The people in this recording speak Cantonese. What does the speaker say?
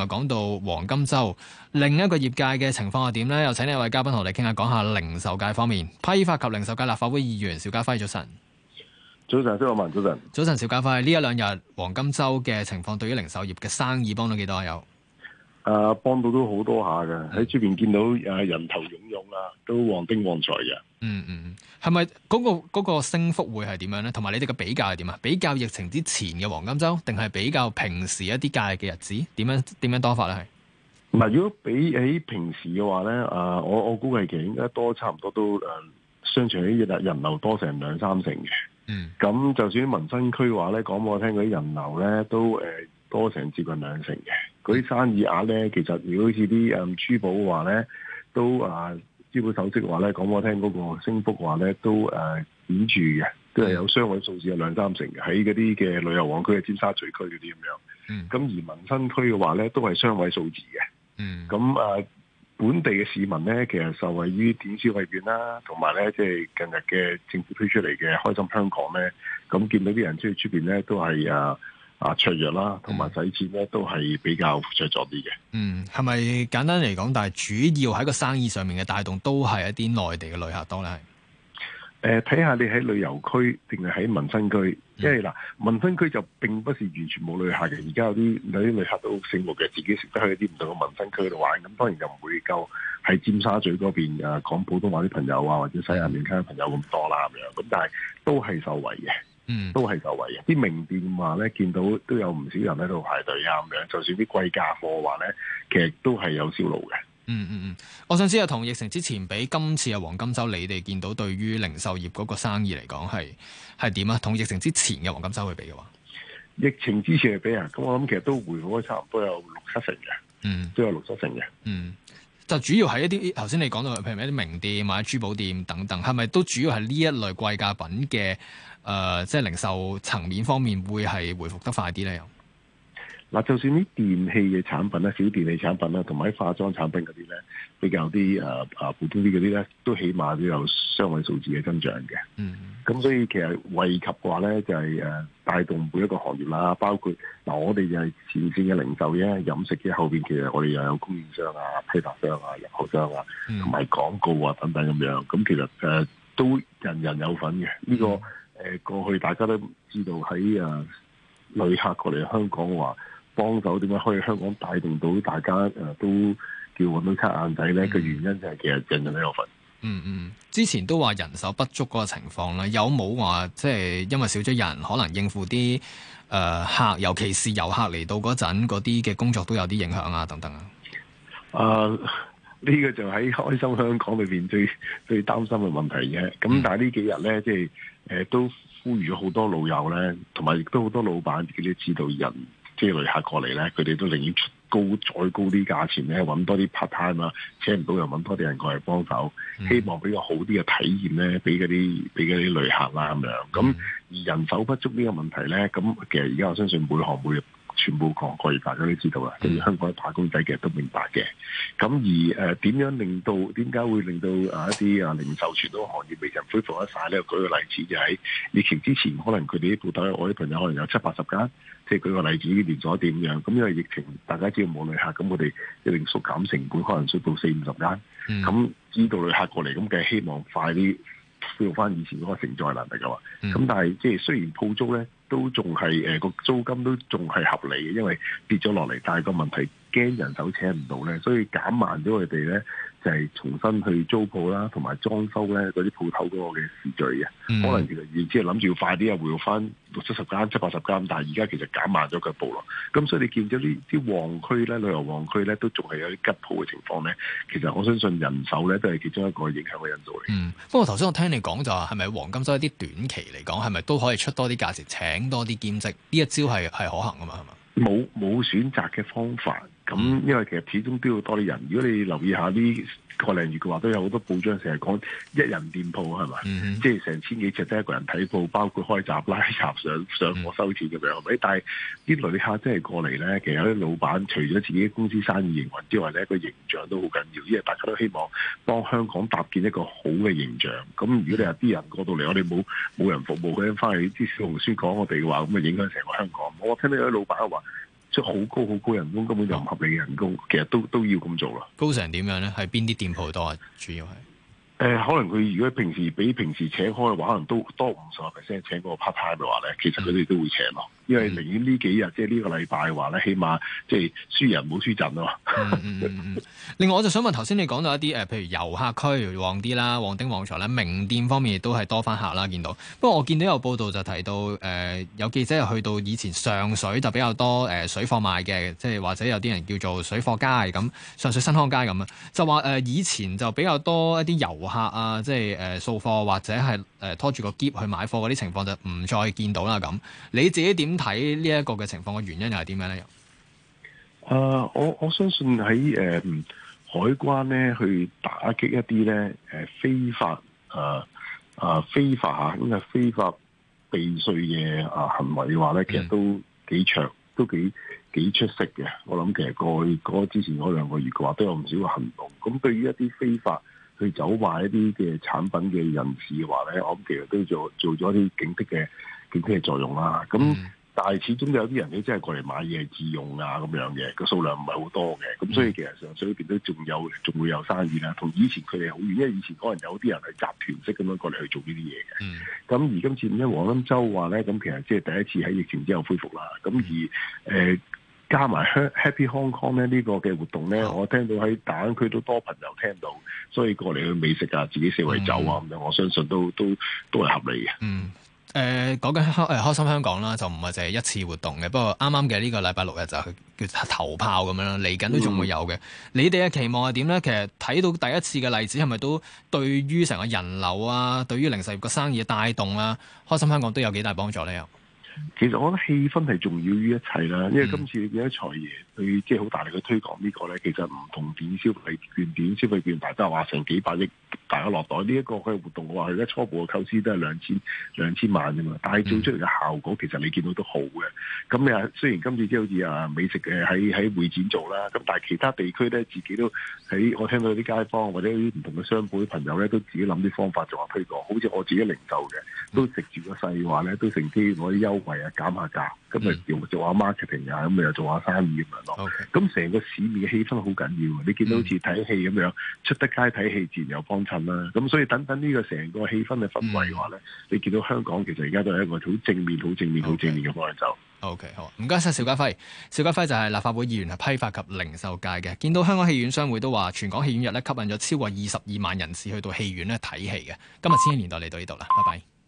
又講到黃金周，另一個業界嘅情況係點呢？有請呢位嘉賓同我哋傾下，講下零售界方面、批發及零售界立法會議員邵家輝早，早晨。早晨，周漢文早晨。早晨，邵家輝呢一兩日黃金周嘅情況，對於零售業嘅生意幫到幾多啊？有？啊，幫到都好多下嘅，喺出邊見到啊，人頭湧湧啊，都旺丁旺財嘅，嗯。嗯嗯，係咪嗰個，嗰個升幅會係點樣咧？同埋你哋嘅比較係點啊？比較疫情之前嘅黃金周，定係比較平時一啲假日嘅日子？點樣點樣多法咧？係唔係？如果比起平時嘅話咧，啊，我我估計其應該多差唔多都誒，商場啲人流多成兩三成嘅。嗯，咁就算民生區嘅話咧，講我聽嗰啲人流咧都誒。呃多成接近，近兩成嘅，嗰啲生意額咧，其實如果好似啲誒珠寶嘅話咧，都啊，珠寶首飾嘅話咧，講我聽嗰個升幅嘅話咧，都誒顯著嘅，都係有雙位數字，有兩三成嘅，喺嗰啲嘅旅遊旺區嘅尖沙咀區嗰啲咁樣。咁、嗯、而民生區嘅話咧，都係雙位數字嘅。嗯，咁啊，本地嘅市民咧，其實受惠於點消費券啦，同埋咧，即係近日嘅政府推出嚟嘅開心香港咧，咁見到啲人出去出邊咧，都係啊～啊，脆弱啦，同埋使錢咧都係比較脆咗啲嘅。嗯，係咪簡單嚟講？但係主要喺個生意上面嘅帶動，都係一啲內地嘅旅客多咧。係誒、呃，睇下你喺旅遊區定係喺民生區。即係嗱，民生區就並不是完全冇旅客嘅。而家有啲有啲旅客都好醒目嘅，自己識得去啲唔同嘅民生區度玩。咁當然就唔會夠喺尖沙咀嗰邊啊講普通話啲朋友啊，或者西亞面孔嘅朋友咁多啦咁樣。咁但係都係受惠嘅。嗯，都係受惠嘅。啲名店話咧，見到都有唔少人喺度排隊啊，咁樣。就算啲貴價貨話咧，其實都係有銷路嘅。嗯嗯嗯，我想知啊，同疫情之前比，今次啊黃金周你哋見到對於零售業嗰個生意嚟講係係點啊？同疫情之前嘅黃金周去比嘅話，疫情之前係比啊，咁我諗其實都回復咗差唔多有六七成嘅，嗯，都有六七成嘅、嗯，嗯。就主要係一啲頭先你講到，譬如一啲名店或者珠寶店等等，係咪都主要係呢一類貴價品嘅，誒，即係零售層面方面會係回復得快啲咧？又？嗱、啊，就算啲電器嘅產品啦、小電器產品啦，同埋化妝產品嗰啲咧，比較啲誒誒普通啲嗰啲咧，都起碼都有雙位數字嘅增長嘅。嗯，咁所以其實惠及嘅話咧，就係、是、誒、啊、帶動每一個行業啦，包括嗱、啊，我哋就係前線嘅零售嘅，飲食嘅後邊，其實我哋又有供應商啊、批發商啊、入口商啊，同埋是的 廣告啊等等咁樣。咁、啊、其實誒、啊、都人人有份嘅。呢、這個誒、啊、過去大家都知道喺誒旅客過嚟香港嘅話。幫手點解可以香港帶動到大家誒都叫揾到擦眼仔咧？個原因就係其實人仲喺較煩。嗯嗯，之前都話人手不足嗰個情況咧，有冇話即係因為少咗人，可能應付啲誒、呃、客，尤其是遊客嚟到嗰陣嗰啲嘅工作都有啲影響啊等等啊？誒、呃，呢、這個就喺《開心香港裡面》裏邊最最擔心嘅問題嘅。咁、嗯、但係呢幾日咧，即係誒、呃、都呼籲咗好多老友咧，同埋亦都好多老闆自己都知道人。即係旅客過嚟咧，佢哋都寧願高再高啲價錢咧，揾多啲 part time 啦，請唔到又揾多啲人過嚟幫手，希望俾個好啲嘅體驗咧，俾嗰啲俾啲旅客啦咁樣。咁而人手不足呢個問題咧，咁其實而家我相信每行每業。全部講過，大家都知道啦。跟住、嗯、香港嘅打工仔嘅都明白嘅。咁而誒點、呃、樣令到點解會令到啊一啲啊零售傳統行業未曾恢復一曬咧？舉個例子就喺、是、疫情之前，可能佢哋啲鋪頭，我啲朋友可能有七八十間，即係舉個例子，連鎖店樣。咁因為疫情，大家知道冇旅客，咁我哋一定縮減成本，可能縮到四五十間。咁、嗯、知道旅客過嚟，咁梗係希望快啲恢復翻以前嗰個承載能力嘅話，咁、嗯嗯、但係即係雖然鋪租咧。都仲係呃，個租金都仲係合理嘅，因為跌咗落嚟，但係個問題，驚人手請唔到咧，所以減慢咗佢哋咧，就係、是、重新去租鋪啦，同埋裝修咧嗰啲鋪頭嗰個嘅時序嘅，嗯、可能原原其實原先係諗住要快啲啊回翻六七十間、七八十間，但係而家其實減慢咗腳步咯。咁所以你見咗呢啲旺區咧、旅遊旺區咧，都仲係有啲吉鋪嘅情況咧，其實我相信人手咧都係其中一個影響嘅因素嚟。不過頭先我聽你講就係咪黃金周一啲短期嚟講，係咪都可以出多啲價錢請多啲兼職？呢一招係係可行噶嘛？係嘛？冇冇、嗯、選擇嘅方法。咁、嗯嗯、因為其實始終都要多啲人。如果你留意下啲、呢個零月嘅話，都有好多報章成日講一人店鋪係咪？嗯嗯、即係成千幾尺得一個人睇鋪，包括開閘拉閘上上貨收錢咁樣係咪？但係啲旅客即係過嚟咧，其實有啲老闆除咗自己公司生意營運之外，咧個形象都好緊要，因為大家都希望幫香港搭建一個好嘅形象。咁如果你有啲人過到嚟，我哋冇冇人服務佢，翻去啲小紅書講我哋嘅話，咁啊影響成個香港。我聽到有啲老闆都話。即係好高好高人工，根本就唔合理嘅人工，其實都都要咁做咯。高成點樣咧？係邊啲店鋪多啊？主要係，誒、呃，可能佢如果平時比平時請開嘅話，可能都多五十 percent 請嗰個 part time 嘅話咧，其實佢哋都會請咯。嗯因為寧願呢幾日即係呢個禮拜嘅話咧，起碼即係輸人唔好輸陣咯。另外，我就想問頭先你講到一啲誒，譬如遊客區如旺啲啦、旺丁旺財咧，名店方面亦都係多翻客啦。見到，不過我見到有報道就提到誒、呃，有記者去到以前上水就比較多誒、呃、水貨賣嘅，即係或者有啲人叫做水貨街咁，上水新康街咁啊，就話誒、呃、以前就比較多一啲遊客啊，即係誒掃貨或者係誒、呃、拖住個喼去買貨嗰啲情況就唔再見到啦咁。你自己點？睇呢一個嘅情況嘅原因又係點樣咧？誒、uh,，我我相信喺誒、呃、海關咧去打擊一啲咧誒非法誒誒、呃啊、非法嚇，因為非法避稅嘅啊行為嘅話咧，其實都幾長，都幾幾出色嘅。我諗其實過去嗰之前嗰兩個月嘅話都有唔少嘅行動。咁對於一啲非法去走壞一啲嘅產品嘅人士嘅話咧，我諗其實都做做咗啲警惕嘅警惕嘅作用啦。咁但係始終有啲人咧，真係過嚟買嘢係自用啊咁樣嘅，個數量唔係好多嘅，咁、嗯、所以其實上水邊都仲有，仲會有生意啦。同以前佢哋好遠，因為以前可能有啲人係集團式咁樣過嚟去做呢啲嘢嘅。咁、嗯、而今次呢黃金周話咧，咁其實即係第一次喺疫情之後恢復啦。咁、嗯、而誒、呃、加埋 Happy Hong Kong 咧呢、這個嘅活動咧，哦、我聽到喺大灣區都多朋友聽到，所以過嚟去美食啊，自己四圍走啊，咁樣、嗯、我相信都都都係合理嘅。嗯。Mm. 誒，講緊開心香港啦，就唔係淨係一次活動嘅。不過啱啱嘅呢個禮拜六日就叫頭炮咁樣啦，嚟緊都仲會有嘅。嗯、你哋嘅期望係點咧？其實睇到第一次嘅例子，係咪都對於成個人流啊，對於零售業個生意嘅帶動啊，開心香港都有幾大幫助咧？又其實我覺得氣氛係重要於一切啦。因為今次你見到財爺，佢即係好大力嘅推廣呢、這個咧，其實唔同點消費券、點消費券，大家都話成幾百億。大家落袋呢一個佢活動，我話佢咧初步嘅構思都係兩千兩千萬啫嘛。但係做出嚟嘅效果其實你見到都好嘅。咁你啊，雖然今次啲好似啊美食嘅喺喺會展做啦，咁但係其他地區咧自己都喺我聽到啲街坊或者啲唔同嘅商鋪啲朋友咧都自己諗啲方法做下推廣。好似我自己零售嘅，都食住個細話咧，都成天攞啲優惠啊減下價，咁咪、嗯、做做下 marketing 啊，咁咪又做下生意咁樣咯。咁成 Okay. 個市面嘅氣氛好緊要你見到好似睇戲咁樣出得街睇戲，自然有幫。咁、嗯、所以等等呢個成個氣氛嘅氛圍嘅話咧，啊、你見到香港其實而家都係一個好正面、好正面、好正面嘅方向走。Okay. OK，好。唔該晒邵家輝，邵家輝就係立法會議員，係批發及零售界嘅。見到香港戲院商會都話，全港戲院日呢吸引咗超過二十二萬人士去到戲院呢睇戲嘅。今日千禧年代嚟到呢度啦，拜拜。